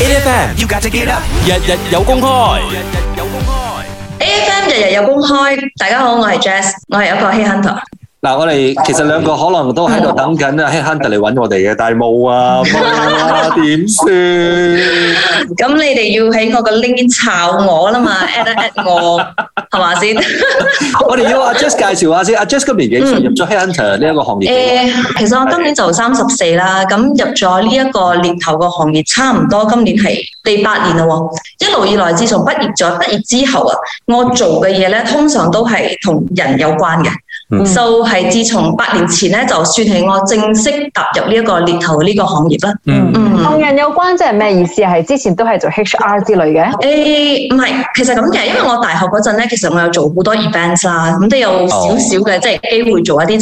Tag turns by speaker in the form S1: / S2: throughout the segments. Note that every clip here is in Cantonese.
S1: A F M 要架隻機啦，日日有公開，A
S2: -F，日日有公開，A F M 日日有公開。大家好，我係 Jess，、啊、我係一個 Headhunter。
S1: 嗱，我哋其實兩個可能都喺度等緊啊，hunter 嚟搵我哋嘅、嗯，但係冇啊，冇 啊，點
S2: 算？咁你哋要喺我個 link 抄我啦嘛，at at add 我 係嘛先？我哋要阿 Jess
S1: 介紹下先，阿 Jess 今年幾歲？入咗 hunter 呢個行業？
S2: 其實我今年就三十四啦。咁入咗呢一個獵頭個行業，差唔多今年係第八年啦。一路以來，自從畢業咗，畢業之後啊，我做嘅嘢咧，通常都係同人有關嘅。嗯、就係、是、自從八年前咧，就算係我正式踏入呢一個獵頭呢個行業啦。嗯嗯，同
S3: 人有關即係咩意思啊？之前都係做 HR 之類嘅、嗯？誒、欸，唔係，其實咁嘅，因為
S2: 我大學嗰陣咧，其實我有做好多 events 啦，咁都有少少嘅，即係機會做一啲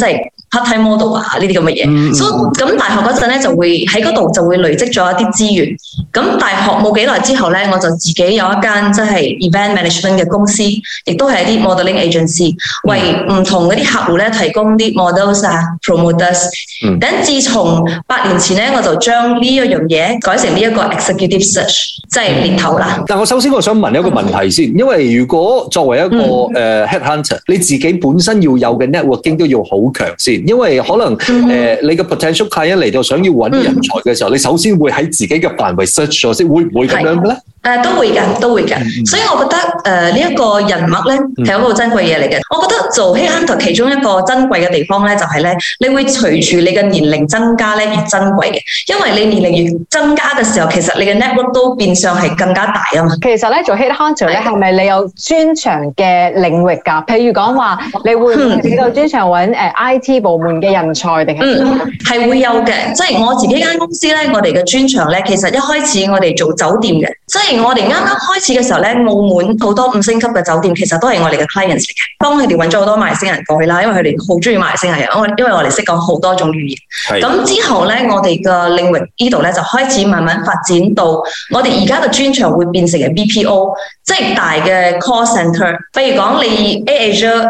S2: part-time model 啊，呢啲咁嘅嘢，所以咁大學嗰陣咧就會喺嗰度就會累積咗一啲資源。咁大學冇幾耐之後咧，我就自己有一間即係 event management 嘅公司，亦都係一啲 modeling agency，、嗯、為唔同嗰啲客戶咧提供啲 models 啊 promoters、嗯。咁自從八年前咧，我就將呢一樣嘢改成呢一個 executive search，即係獵頭啦。
S1: 但我首先我想問一個問題先，因為如果作為一個 headhunter，、嗯、你自己本身要有嘅 networking 都要好強先。因為可能誒、嗯呃、你嘅 potential 卡一嚟到，想要揾人才嘅時候、嗯，你首先會喺自己嘅範圍 search 咗先，會唔會咁樣嘅咧？
S2: 誒都會㗎，都會㗎，所以我覺得誒、呃這個、呢是一個人脈咧係一個珍貴嘢嚟嘅。我覺得做 headhunter 其中一個珍貴嘅地方咧，就係、是、咧，你會隨住你嘅年齡增加咧越珍貴嘅，因為你年齡越增加嘅時候，其實你嘅 network 都變相係更加大
S3: 啊嘛。其實咧做 headhunter 咧係咪你有專長嘅領域㗎？譬、啊、如講話，你會比到專長揾誒 IT 部門嘅人才定係？嗯，係會有嘅。即、嗯、係、就是、我自己間
S2: 公司咧，我哋嘅專長咧，其實一開始我哋做酒店嘅，即係。我哋啱啱開始嘅時候咧，澳門好多五星級嘅酒店其實都係我哋嘅 clients 嚟嘅。幫佢哋揾咗好多外星人過去啦，因為佢哋好中意外星人。因為我哋識講好多種語言。咁之後咧，我哋嘅領域呢度咧就開始慢慢發展到我哋而家嘅專長會變成嘅 BPO，即係大嘅 call centre。譬如講你 a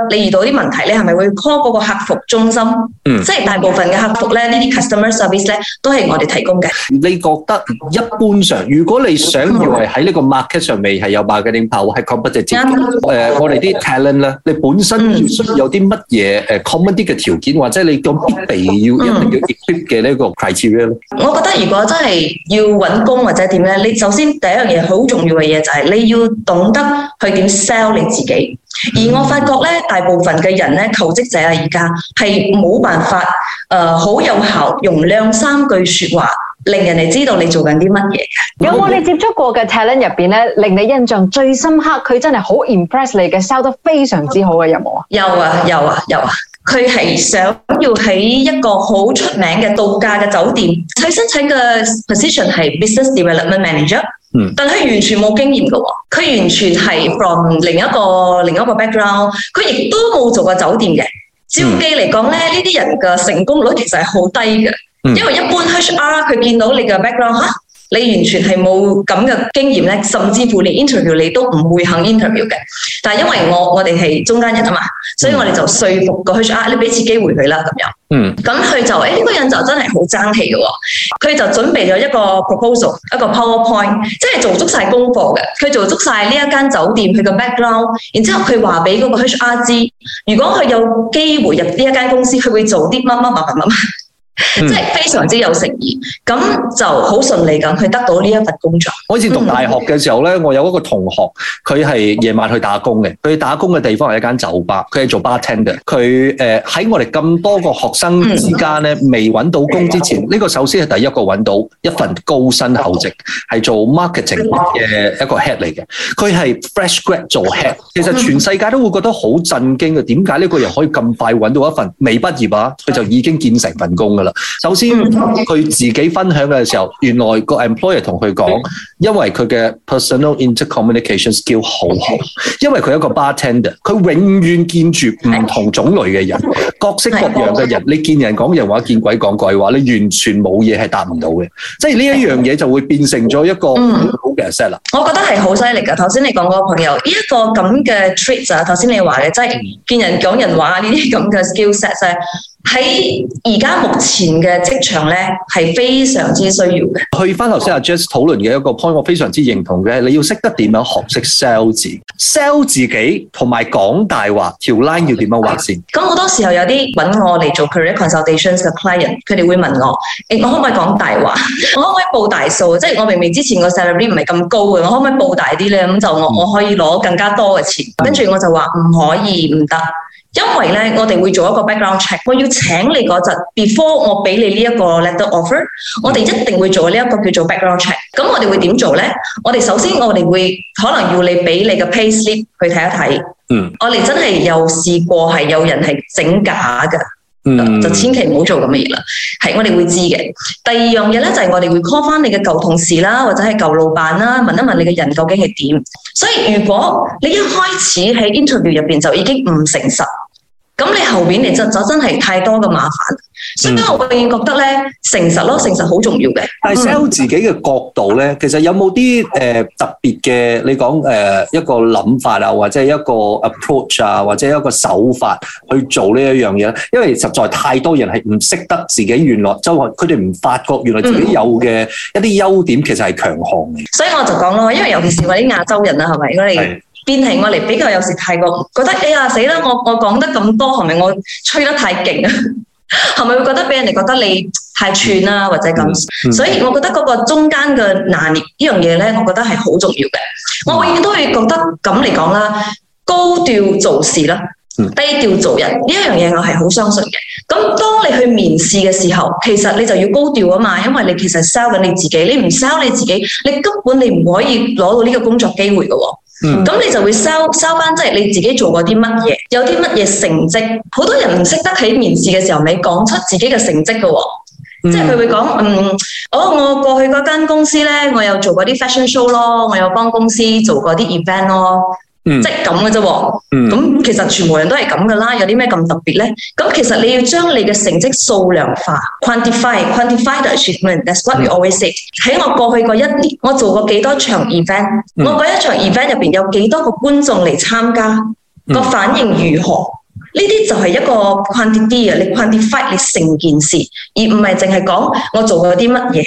S2: 你遇到啲問題，你係咪會 call 嗰個客服中心？
S1: 即、嗯、係、就是、大部分嘅客服咧，呢啲 customer service 咧都係我哋提供嘅。你覺得一般上，如果你想成喺呢個 market 上未係有 marketing 頭係靠筆者自己。誒，我哋啲 talent 咧，你本身需要需有啲乜嘢誒 commodity 嘅條件，或者你咁必備要一定要 equip 嘅呢一個 criteria 咩咧？我覺得如
S2: 果真係要揾工或者點咧，你首先第一樣嘢好重要嘅嘢就係你要懂得去點 sell 你自己。而我發覺咧，大部分嘅人咧，求職者啊，而家係冇辦法誒，好、呃、有效用兩三句説話。令人哋知道你做緊啲乜嘢。有冇你
S3: 接觸過嘅 talent 入邊咧，令你印象最深刻，佢真係好 impress 你嘅，sell 得非常之好嘅，有冇啊？有啊，有啊，有啊！
S2: 佢係想要喺一個好出名嘅度假嘅酒店，佢申請嘅 position 係 business development manager。嗯，但係完全冇經驗㗎喎，佢完全係 from 另一個另一個 background，佢亦都冇做過酒店嘅。照計嚟講咧，呢、嗯、啲人嘅成功率其實係好低嘅。因為一般 HR 佢見到你嘅 background 吓，你完全係冇咁嘅經驗咧，甚至乎你 interview 你都唔會肯 interview 嘅。但係因為我我哋係中間人啊嘛，所以我哋就說服個 HR，你俾次機會佢啦咁樣。嗯佢就，咁佢就誒呢、呢個人就真係好爭氣嘅，佢就準備咗一個 proposal，一個 PowerPoint，即係做足晒功課嘅。佢做足晒呢一間酒店佢嘅 background，然之後佢話俾嗰個 HR 知，如果佢有機會入呢一間公司，佢會做啲乜乜乜乜乜。嗯、即係非常之有誠意，咁、嗯、就好順利咁去得到呢一份工作。
S1: 我以前讀大學嘅時候咧、嗯，我有一個同學，佢係夜晚去打工嘅。佢打工嘅地方係一間酒吧，佢係做 bartender。佢誒喺我哋咁多個學生之間咧，未、嗯、搵到工之前，呢、嗯這個首先係第一個搵到一份高薪厚職，係、嗯、做 marketing 嘅一個 head 嚟嘅。佢係 fresh grad 做 head，、嗯、其實全世界都會覺得好震驚嘅。點解呢個人可以咁快搵到一份未畢業啊？佢就已經建成份工噶啦。首先佢自己分享嘅時候，原來個 employer 同佢講，因為佢嘅 personal intercommunication skill 好好，因為佢一個 bartender，佢永遠見住唔同種類嘅人，各式各樣嘅人，你見人講人話，見鬼講鬼話，你完全冇嘢係答唔到嘅，即係呢一樣嘢就會變成咗一個好嘅 set 啦、嗯。我覺得係好犀利噶，頭先你講個朋友呢
S2: 一個咁嘅 traits 啊，頭先你話嘅，即係見人講人話呢啲咁嘅 skill set 咧，這喺而家目前嘅職場咧，係非常之需要
S1: 嘅。去翻頭先阿 Jess 討論嘅一個 point，我非常之認同嘅你要識得點樣學識 sell 自 sell 自己，同埋講大話條 line 要點樣畫先。
S2: 咁、嗯、好多時候有啲揾我嚟做 career consultations 嘅 client，佢哋會問我：誒、欸，我可唔可以講大話？ 我可唔可以報大數？即、就、係、是、我明明之前個 salary 唔係咁高嘅，我可唔可以報大啲咧？咁就我、嗯、我可以攞更加多嘅錢。跟住我就話唔可以，唔得。因為咧，我哋會做一個 background check。我要請你嗰陣，before 我俾你呢一個 letter offer，我哋一定會做呢一個叫做 background check。咁我哋會點做咧？我哋首先我哋會可能要你俾你嘅 pay slip 去睇一睇。嗯，我哋真係有試過係有人係整假噶，嗯，就千祈唔好做咁嘅嘢啦。係我哋會知嘅。第二樣嘢咧就係我哋會 call 翻你嘅舊同事啦，或者係舊老闆啦，問一問你嘅人究竟係點。所以如果你一開始喺 interview 入邊就已經唔誠實。咁你後面嚟就就真係太多嘅麻煩，所以我永遠覺得咧誠實咯，誠實好重
S1: 要嘅、嗯。但係 sell 自己嘅角度咧，其實有冇啲、呃、特別嘅你講、呃、一個諗法啊，或者一個 approach 啊，或者一個手法去做呢一樣嘢咧？因為實在太多人係唔識得自己原來，周圍佢哋唔發覺原來自己有嘅一啲優點其實係強項嚟、
S2: 嗯。所以我就講咯，因為尤其是話啲亞洲人啊，係咪？如果變係我嚟比較有時太過覺得哎呀死啦！我我講得咁多，係咪我吹得太勁啊？係 咪會覺得俾人哋覺得你太串啦，或者咁、嗯嗯？所以我覺得嗰個中間嘅拿捏呢樣嘢咧，我覺得係好重要嘅、嗯。我永遠都會覺得咁嚟講啦，高調做事啦，低調做人呢一、嗯、樣嘢我係好相信嘅。咁當你去面試嘅時候，其實你就要高調啊嘛，因為你其實 sell 緊你自己，你唔 sell 你自己，你根本你唔可以攞到呢個工作機會噶。咁、嗯、你就會收收翻，即係你自己做過啲乜嘢，有啲乜嘢成績。好多人唔識得起面試嘅時候，你講出自己嘅成績嘅喎，即係佢會講，嗯，哦，我過去嗰間公司咧，我有做過啲 fashion show 咯，我有幫公司做過啲 event 咯。即係咁嘅啫，咁、就是嗯、其實全部人都係咁噶啦，有啲咩咁特別咧？咁其實你要將你嘅成績數量化，quantify，quantify quantify the achievement，that's what you always say。喺我過去個一年，我做過幾多場 event，、嗯、我嗰一場 event 入邊有幾多個觀眾嚟參加，嗯
S1: 個反應如何？
S2: 呢啲就係一個 quantifier，你 quantify 你成件事，而唔係淨係講我做過啲乜嘢。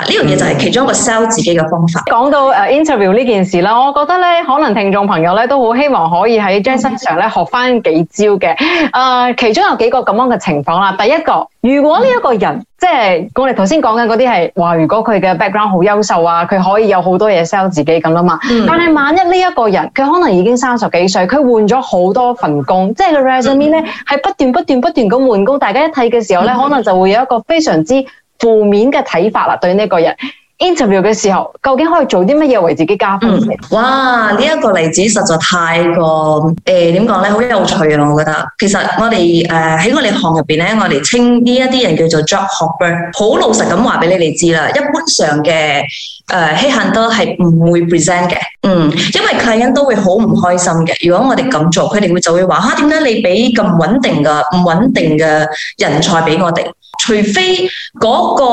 S3: 呢樣嘢就係其中一個 sell 自己嘅方法。講到 interview 呢件事啦，我覺得可能聽眾朋友都好希望可以喺 Jess 身上咧學翻幾招嘅、嗯。其中有幾個咁樣嘅情況啦。第一個，如果呢一個人，嗯、即係我哋頭先講緊嗰啲係話，如果佢嘅 background 好優秀啊，佢可以有好多嘢 sell 自己咁啊嘛。但係萬一呢一個人，佢可能已經三十幾歲，佢換咗好多份工，即係個 resume 呢係、嗯、不斷不斷不斷咁換工。大家一睇嘅時候呢、嗯，可能就會有一個非常之。負面嘅睇法啦，對呢個人 interview 嘅時候，究竟可以做啲乜嘢為自己加分？嗯、哇！
S2: 呢、這、一個例子實在太過、呃、怎點講呢？好有趣咯！我覺得其實我哋誒喺我哋行入面呢，我哋稱呢一啲人叫做 job hopper。好老實咁話俾你哋知啦，一般上嘅呃稀罕都係唔會 present 嘅，嗯，因為客人都會好唔開心嘅。如果我哋咁做，佢哋會就會話嚇點解你俾咁穩定嘅唔穩定嘅人才俾我哋？除非嗰個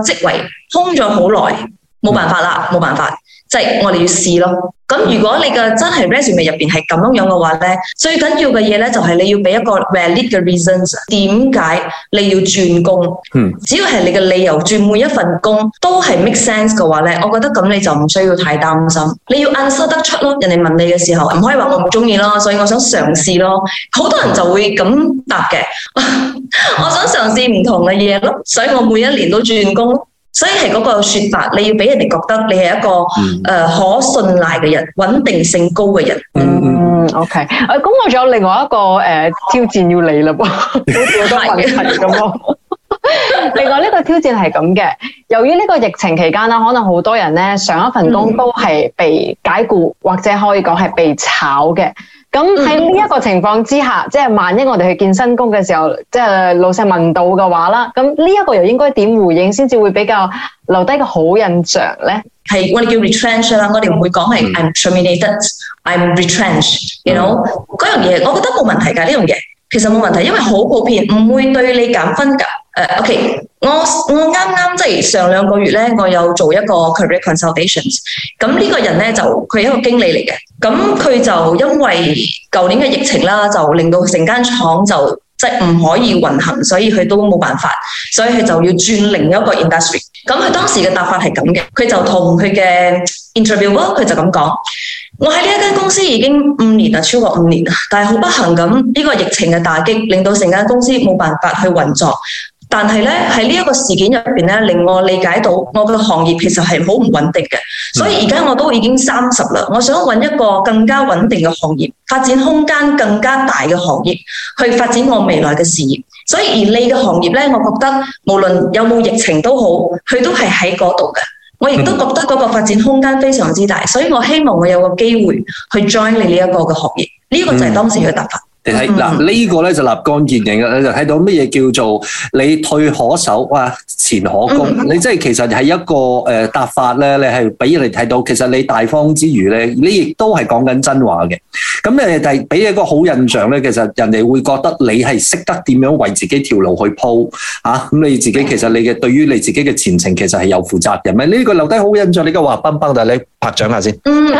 S2: 職位空咗好耐，冇辦法喇，冇辦法。即係我哋要試咯，咁如果你嘅真係 resume 入邊係咁樣樣嘅話咧，最緊要嘅嘢咧就係你要俾一個 valid 嘅 reasons，點解你要轉工？嗯，只要係你嘅理由轉每一份工都係 make sense 嘅話咧，我覺得咁你就唔需要太擔心，你要 answer 得出咯。人哋問你嘅時候唔可以話我唔中意，囉。所以我想嘗試咯。好多人就會咁答嘅， 我想嘗試唔同嘅嘢咯，所以我每一年都轉工。所以係嗰個說法，你要俾人哋
S3: 覺得你係一個、嗯呃、可信賴嘅人，穩定性高嘅人。嗯，嗯，嗯，OK。誒、啊，咁我仲有另外一個、呃、挑戰要嚟了好、嗯、 多問題 另外呢個挑戰係噉嘅，由於呢個疫情期間可能好多人呢上一份工都係被解雇、嗯，或者可以講係被炒嘅。咁喺呢一個情況之下，嗯、即係萬一我哋去見新工嘅時候，即係老細問到嘅話啦，咁呢一個又應該點回應先至會比較留低個好印象咧？
S2: 係我哋叫 retrench 啦，我哋唔會講係 I'm terminated, I'm retrench you know 嗰樣嘢，我覺得冇問題㗎。呢樣嘢其實冇問題，因為好普遍，唔會對你減分㗎。誒、uh,OK，我我。上兩個月咧，我有做一個 career consultations。咁呢個人咧就佢係一個經理嚟嘅。咁佢就因為舊年嘅疫情啦，就令到成間廠就即係唔可以運行，所以佢都冇辦法，所以佢就要轉另一個 industry。咁佢當時嘅答法係咁嘅，佢就同佢嘅 interviewer 佢就咁講：我喺呢一間公司已經五年啦，超過五年啦，但係好不幸咁，呢個疫情嘅打擊令到成間公司冇辦法去運作。但係咧，喺呢一個事件入邊咧，令我理解到我個行業其實係好唔穩定嘅。所以而家我都已經三十啦，我想揾一個更加穩定嘅行業，發展空間更加大嘅行業，去發展我未來嘅事業。所以而你嘅行業咧，我覺得無論有冇疫情都好，佢都係喺嗰度嘅。我亦都覺得嗰個發展空間非常之大，所以我希望我有個機會去 join 你呢一個嘅行業。呢、這個就係當時嘅答法。
S1: 嗱呢、呢個咧就立竿見影嘅，你就睇到乜嘢叫做你退可守，啊前可攻，嗯、你即係其實係一個誒答、呃、法咧，你係俾人哋睇到，其實你大方之餘咧，你亦都係講緊真話嘅。咁你第俾一個好印象咧，其實人哋會覺得你係識得點樣為自己條路去鋪嚇。咁、啊、你自己其實你嘅對於你自己嘅前程其實係有負責任，咪呢個留低好印象。你嘅話崩崩，但係你拍掌下先。
S2: 嗯，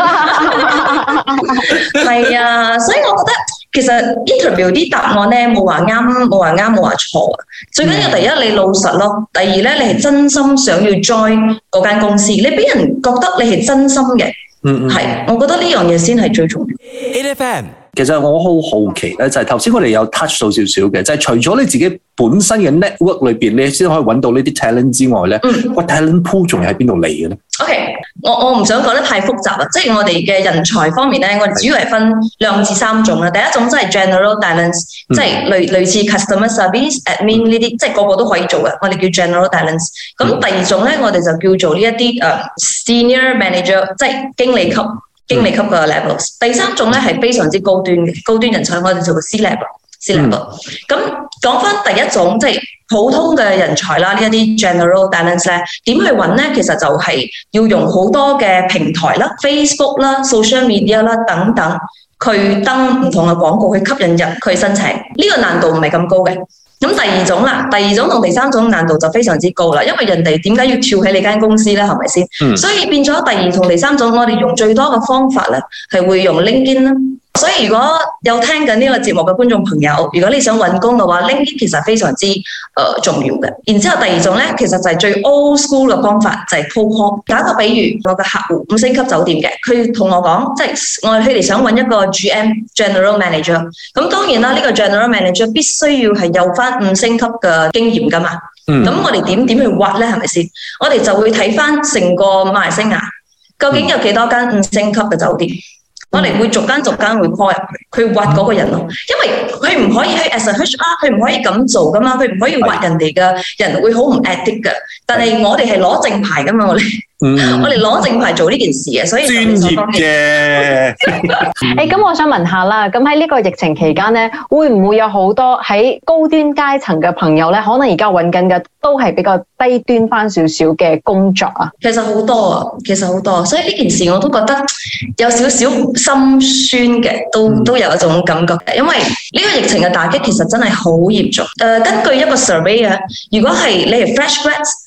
S2: 係 是啊， 所以我覺得。其實 interview 啲答案咧冇話啱冇話啱冇話錯嘅，mm -hmm. 最緊要第一你老實咯，第二咧你係真心想要 join 嗰間公司，你俾人覺得你係真心嘅，嗯、mm、嗯 -hmm.，係我覺得呢樣嘢,先係最重要。A. F. M.，
S1: 其實我好好奇咧，就係頭先我哋有 touch 到少少嘅，就係、是、除咗你自己本身嘅 network 裏邊，你先可以揾到呢啲 talent 之外咧，嗯、mm -hmm.，個 talent pool 仲要喺邊度嚟嘅咧？
S2: Okay。我我唔想講得太複雜啊，即係我哋嘅人才方面呢，我哋主要係分兩至三種。第一種即係 general balance、嗯、即係類類似 customer service admin、admin 呢啲，即係個個都可以做嘅，我哋叫 general balance 咁、嗯、第二種呢，我哋就叫做呢一啲 senior manager，即係經理級、經理級嘅 levels。第三種呢，係非常之高端嘅高端人才，我哋叫做 C level。咁講翻第一種即係普通嘅人才啦，這些 finance，麼找呢一啲 general talents 咧點去揾咧？其實就係要用好多嘅平台啦，Facebook 啦、social media 啦等等，佢登唔同嘅廣告去吸引人，佢申請呢、呢個難度唔係咁高嘅。咁第二種啦，第二種同第三種難度就非常之高啦，因為人哋點解要跳起你間公司咧？係咪先？所以變咗第二同第三種，我哋用最多嘅方法咧係會用 LinkedIn 啦。所以如果有聽緊呢個節目嘅觀眾朋友，如果你想揾工嘅話，LinkedIn 其實非常之誒、呃、重要嘅。然之後第二種咧，其實就係最 old school 嘅方法，就係 po call。打個比喻，我嘅客戶五星級酒店嘅，佢同我講，即係我哋想揾一個 GM（General Manager）。咁當然啦，呢個 General Manager 必須要係有翻五星級嘅經驗噶嘛。咁、嗯、我哋點點去挖咧？係咪先？我哋就會睇翻成個馬來西亞，究竟有幾多間五星級嘅酒店？嗯嗯我、嗯、哋會逐間逐間會放他佢挖嗰個人，因為佢唔可以去 as an HR 啊，佢唔可以咁樣做噶嘛，佢唔可以挖的人哋嘅人會好唔 ethic 的，但係我哋係攞正牌的嘛，我哋
S3: 嗯，我
S1: 哋攞正牌做呢件事、嗯、所以專業
S3: 嘅。咁、 嗯嗯、我想問一下啦，咁喺呢個疫情期間呢，會唔會有好多喺高端階層嘅朋友呢？可能而家搵緊嘅都係比較低端返少少嘅工作啊？其實好多啊，其實好多，所以呢件事我都覺得有少少心酸嘅，都
S2: 都有一種感覺嘅，因為呢個疫情嘅打擊其實真係好嚴重、呃。根據一個 survey 啊，如果係你係 fresh graduates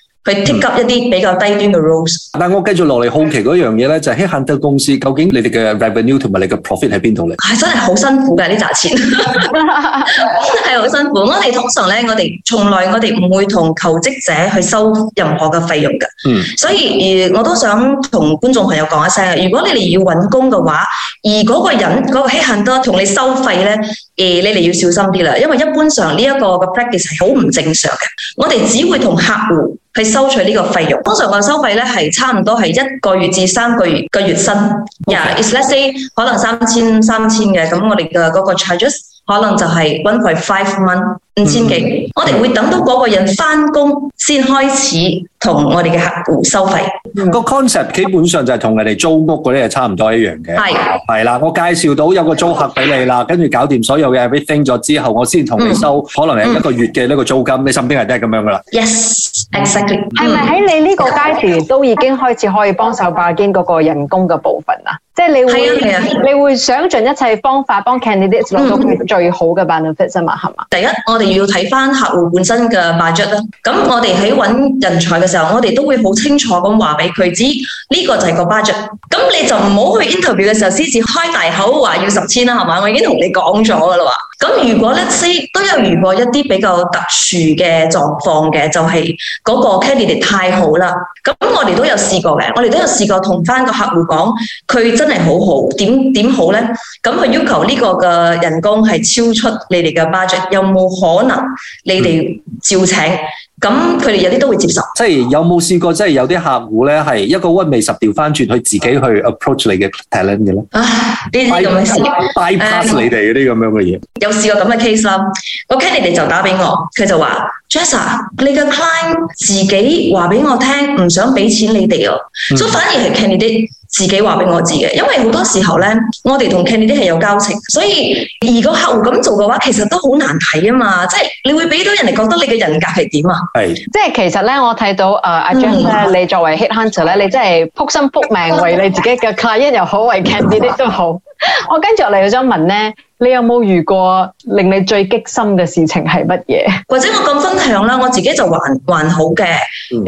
S2: 去 take up 一啲比較低端嘅 roles。
S1: 但係我繼續落嚟好奇嗰樣嘢咧，就係希罕德公司究竟你哋嘅 revenue 同埋你嘅 profit 喺邊度咧？係
S2: 真係好辛苦嘅呢扎錢，係好辛苦。我哋通常咧，我哋從來我哋唔會同求職者去收任何嘅費用㗎。嗯。所以，我都想同觀眾朋友講一聲，如果你哋要揾工嘅話，而嗰個人嗰個希罕德同你收費咧，誒，你哋要小心啲啦。因為一般上呢一個嘅 practice 係好唔正常嘅。我哋只會同客戶。去收取呢個費用，通常個收費呢係差唔多係一個月至三個月嘅月薪，yeah，it's let's say 可能三千三千嘅，咁我哋嘅嗰個 charges 可能就係 one point five 蚊。五千幾，我哋會等到嗰個人翻工先開始同我哋嘅客戶收費。
S1: 個、嗯、concept、嗯、基本上就係同人哋租屋嗰啲係差唔多一樣嘅，係啦。我介紹到有個租客俾你啦，跟住搞掂所有嘅 everything 咗之後，我先同你收，可能係一個月嘅呢個租金，嗯、你身邊係得咁樣噶啦。
S3: Yes、嗯、exactly。係咪喺你呢個階段都已經開始可以幫手 bargain 嗰個人工嘅部分啦？即係你會你會想盡一切方法幫 candidates 攞到最好嘅 benefit 啊嘛？係嘛？
S2: 第一我我哋要睇翻客戶本身嘅 budget 啦。咁我哋喺揾人才嘅時候，我哋都會好清楚咁話俾佢知，呢個就係個 budget。咁你就唔好去 interview 嘅時候，獅子開大口話要十千啦，係嘛？我已經同你講咗噶啦。咁如果咧，C 都有遇過一啲比較特殊嘅狀況嘅，就係嗰個 candidate 太好啦。咁我哋都有試過嘅，我哋都有試過同翻個客戶講，佢真係好好，點點好咧？咁佢要求呢個嘅人工係超出你哋嘅 budget，有冇可？可能你哋召請，咁佢哋有啲都會接
S1: 受。即係有冇試過？即係有啲客戶咧，係一個屈尾十掉返轉，佢自己去 approach 你嘅 talent 嘅咧。唉、啊，呢
S2: 啲咁嘅事，bypass 你
S1: 哋嗰啲咁樣嘅嘢。
S2: 有、嗯、試過咁嘅 case 啦、嗯，個 candidate 就打俾我，佢就話：Jess 啊，你嘅 client 自己話俾我聽，唔想俾錢給你哋啊、嗯，所以反而係 candidate。自己話俾我知嘅，因為好多時候咧，我哋同 candidate 啲係有交情，所以如果客戶咁做嘅話，其實都好難睇啊嘛！即係你會俾到人哋覺得你嘅人格係點啊？
S3: 係，即係其實咧，我睇到啊阿 John 咧，你作為 Headhunter 咧，你真係撲心撲命為你自己嘅 client，一又好為 candidate 啲都好。 我跟住我嚟到想問咧。你有冇有遇過令你最激心嘅事情係乜嘢？或
S2: 者我咁分享啦，我自己就還
S3: 還好嘅，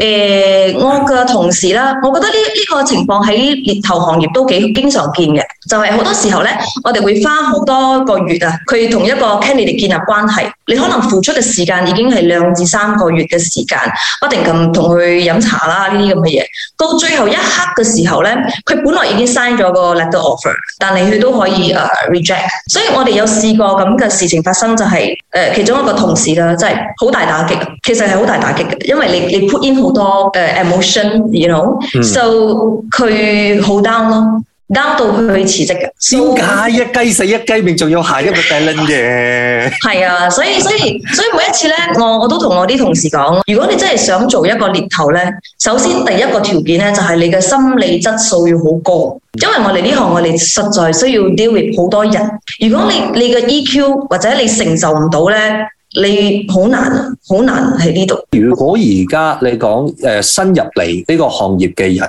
S2: 呃。我嘅同事啦，我覺得呢呢個情況喺獵頭行業都幾經常見嘅，就係好多時候咧，我哋會花好多個月啊，佢同一個 candidate 建立關係，你可能付出嘅時間已經係兩至三個月嘅時間，不停咁同佢飲茶啦，呢啲咁嘅嘢，到最後一刻嘅時候咧，佢本來已經 sign 咗個 letter offer，但係佢都可以、uh, reject，所以我。我哋有試過咁嘅事情發生，就係、是、誒、呃、其中一個同事啦，即係好大打擊。其實係好大打擊嘅，因為你你 put in 好多誒 emotion，you know，so、嗯、佢好 down 咯。嬲到
S1: 佢去辭職噶，點解一雞死一雞命，仲有下一個帶領嘅。係啊，所
S2: 以 所以所以，所以每一次咧，我都跟我都同我啲同
S1: 事講，如果你真係想做一個獵頭
S2: 咧，首先第一個條件咧，就係你嘅心理質素要好高，因為我哋呢行我哋實在需要 deal with 好多人，如果你你嘅 EQ 或者你承受唔到咧，你好難好難
S1: 喺呢度。如果而家你講誒、呃、新入嚟呢個行業嘅人？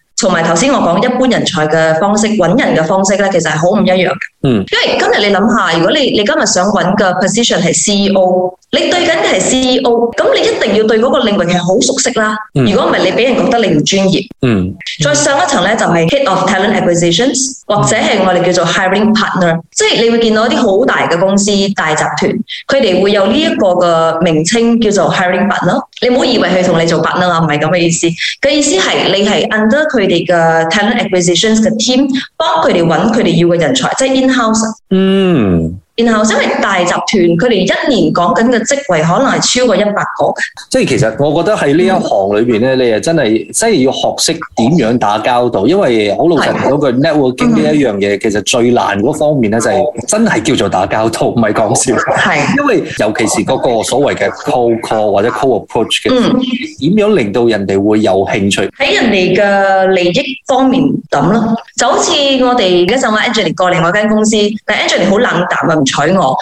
S2: 同埋頭先我講一般人才嘅方式，揾人嘅方式呢，其實係好唔一樣嘅。嗯，因為今日你諗下，如果你你今日想揾嘅 position 係 CEO。你對緊嘅係 CEO，咁你一定要對嗰個領域係好熟悉啦。如果唔係，你俾人覺得你唔專業。嗯。再上一層咧，就係 head of talent acquisitions，或者係我哋叫做 hiring partner。即係你會見到一啲好大嘅公司、大集團，佢哋會有呢一個嘅名稱叫做 hiring partner。你唔好以為佢同你做 partner 啊，唔係咁嘅意思。嗯。嘅意思係你係 under 佢哋嘅 talent acquisitions 嘅 team，幫佢哋揾佢哋要嘅人才，即係 in house。嗯。然後因為大集團，佢哋一年講緊嘅職位可能係超過一百個。
S1: 即係其實我覺得喺呢一行裏邊咧、嗯，你又真係真係要學識點樣打交道。因為好老實嗰句 networking 呢一樣嘢、嗯，其實最難嗰方面咧就係真係叫做打交道，唔係講笑。係，因為尤其是嗰個所謂嘅 cold call 或者 cold approach 嘅，點、嗯、樣令到人哋會有興趣？喺
S2: 人哋嘅利益方面咁咯。就好似我哋而家就嗌 Angeline 過另外一間公司，但 Angeline 好冷淡啊，唔睬我，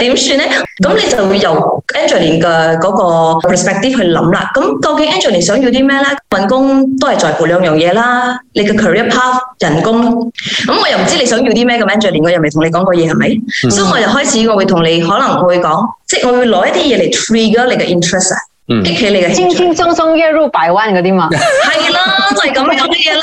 S2: 點算咧？咁 你就會由 Angeline 嘅嗰個 perspective 去諗啦。咁究竟 Angeline 想要啲咩咧？份工都係在乎兩樣嘢啦，你嘅 career path、人工。咁我又唔知你想要啲咩嘅 Angeline，我又未同你講過嘢，係咪、嗯？所以我又開始我會同你，可能會說、就是、我會講，即係我會攞一啲嘢嚟 trigger 你嘅 interest、嗯、激起你嘅。輕輕鬆
S3: 鬆月入百萬嗰啲嘛，係 啦，就
S2: 係、是、咁樣講乜嘢啦。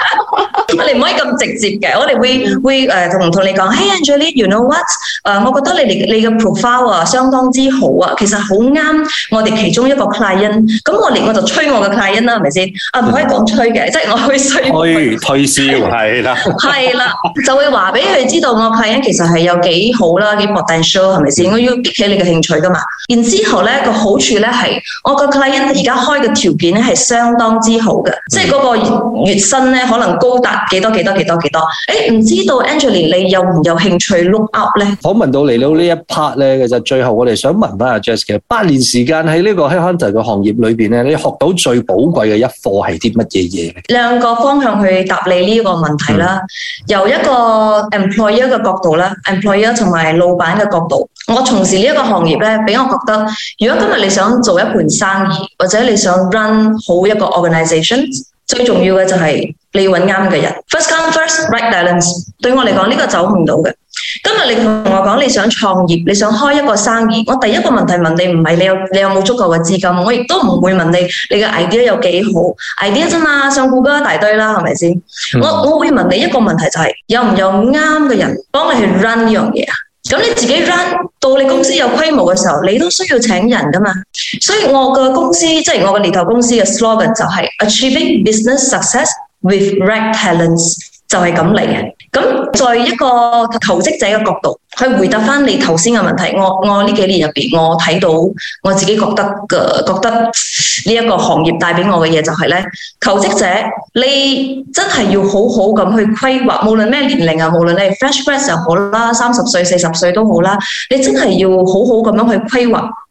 S2: 我哋唔可以咁直接嘅，我哋會會誒同同你講，Hey Angelina, you know what？誒、uh，我覺得你你嘅 profile 啊相當之好啊，其實好啱我哋其中一個 client。咁我哋我就吹我嘅 client 啦，係咪先？啊唔可以講吹嘅，即係我可
S1: 以推銷係啦，係
S2: 啦， 是的 就會話俾佢知道我 client 其實係有幾好啦，幾 special 係咪先？我要激起你嘅興趣噶嘛。然之後咧個好處咧係我個 client 而家開嘅條件咧係相當之好嘅、嗯，即係嗰個月薪咧、哦、可能高達。幾多幾多幾多幾多？誒，唔知道 Angeline，你有唔有興趣 look
S1: up 咧？訪問到嚟到呢一 part 咧，其實最後我哋想問翻阿 Jess，八年時間喺呢個 headhunter 嘅行業裏邊咧，你學到最寶貴嘅一課係啲乜嘢嘢？
S2: 兩個方向去答你呢個問題啦。由一個 employer 嘅角度咧，employer 同埋老闆嘅角度，我從事呢一個行業咧，俾我覺得，如果今日你想做一盤生意，或者你想 run 好一個 organisation，最重要嘅就係。你要揾啱嘅人，first come first right balance。對我嚟講，呢個走唔到嘅。今日你同我講你想創業，你想開一個生意，我第一個問題問你唔係你有你有冇足夠嘅資金，我亦都唔會問你你嘅 idea 有幾好 idea 啫嘛，上 Google 一大堆啦，係咪先？我我會問你一個問題就係有唔有啱嘅人幫你去 run 呢樣嘢啊？咁你自己 run 到你公司有規模嘅時候，你都需要請人㗎嘛。所以我嘅公司即係我嘅獵頭公司嘅 slogan 就係 achieving business success。With right talents 就係咁嚟嘅。咁在一個求職者嘅角度，去回答返你頭先嘅問題。我我呢幾年入面，我睇到我自己覺得覺得呢一個行業帶俾我嘅嘢就係求職者你真係要好好咁去規劃，無論咩年齡啊，無論你係 fresh graduate 好啦，三十歲四十歲都好啦，你真係要好好咁樣去規劃。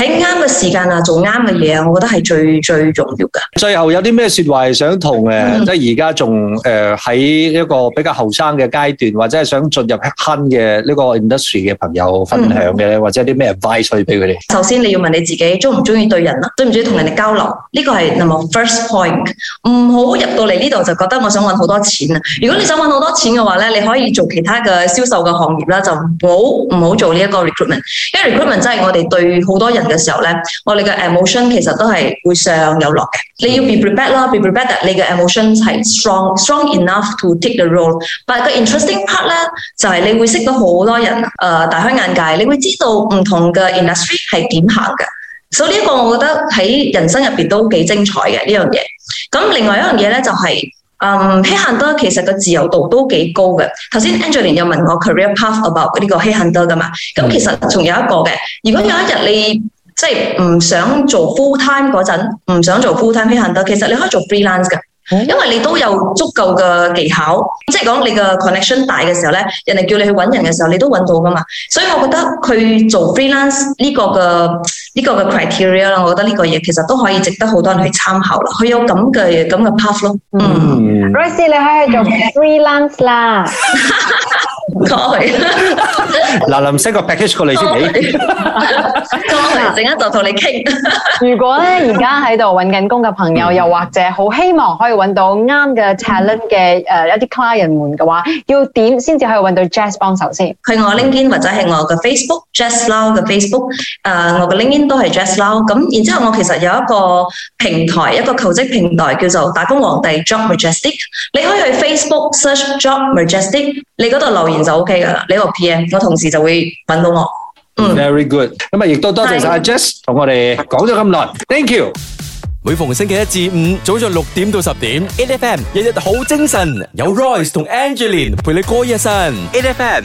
S2: 喺啱嘅時間啊，做啱嘅嘢
S1: 啊，我覺得係最最重要嘅。最後有啲咩説話係想同誒，即係而家仲誒喺一個比較後生嘅階段，或者係想進入 hunt 嘅呢個 industry 嘅朋友分享嘅咧、嗯，或者啲咩 advice 俾佢哋？
S2: 首先你要問你自己中唔中意對人啊？中唔中意同人哋交流？呢、這個係 number one first point。唔好入到嚟呢度就覺得我想揾好多錢啊！如果你想揾好多錢嘅話咧，你可以做其他嘅銷售嘅行業啦，就唔好唔好做呢一個 recruitment。因為 recruitment 真係我哋對好多人。嘅時候咧，我哋嘅 emotion 其實都係會上有落嘅。你要 be prepared 啦，be prepared，你嘅 emotion 係 strong，strong enough to take the role。但係個 interesting part 咧，就係、是、你會識到好多人，誒、呃、大開眼界，你會知道唔同嘅 industry 係點行嘅。所以呢一個我覺得喺人生入邊都幾精彩嘅呢樣嘢。咁、這個、另外一樣嘢咧就係、是，嗯，headhunter 其實個自由度都幾高嘅。頭先 Angeline 又問我 career path about 呢個 headhunter 㗎嘛？咁其實仲有一個嘅，如果有一日你即係唔想做 full time 嗰陣，唔想做 full time headhunter，其實你可以做 freelance 㗎，因為你都有足夠嘅技巧，即係講你嘅 connection 大嘅時候咧，人哋叫你去揾人嘅時候，你都揾到㗎嘛。所以我覺得佢做 freelance 呢個嘅呢個嘅 criteria 啦，我覺得呢個嘢其實都可以值得好多人去參考啦。佢有咁嘅咁嘅 path 咯。嗯
S3: ，Rose、嗯、你可以做 freelance 啦。
S1: 過去嗱，林生個 package 過嚟先。過
S2: 去，陣間就同你傾。
S3: 如果咧而家喺度揾緊工嘅朋友，又或者好希望可以揾到啱嘅 talent 嘅誒一啲 clients 嘅話，要點先至可以揾到 Jess 幫手先？去我 LinkedIn 或者係我
S2: 嘅 Facebook Jess Low 嘅 Facebook，誒我嘅
S3: LinkedIn 都係 Jess
S2: Low。咁然之後我其實有一個平台，一個求職平台叫做打工皇帝 job majestic。你可以去 Facebook search job majestic，你嗰度留言。就 OK 噶啦，
S1: 你個 PM，我同事就會揾到我。嗯，very good。咁啊，亦都多謝晒 Jess 同我哋講咗咁耐。Thank you。每逢星期一至五，早上六點到十點
S3: ，8FM，日日好精神，有 Royce 同 Angeline 陪你過一晨，8FM。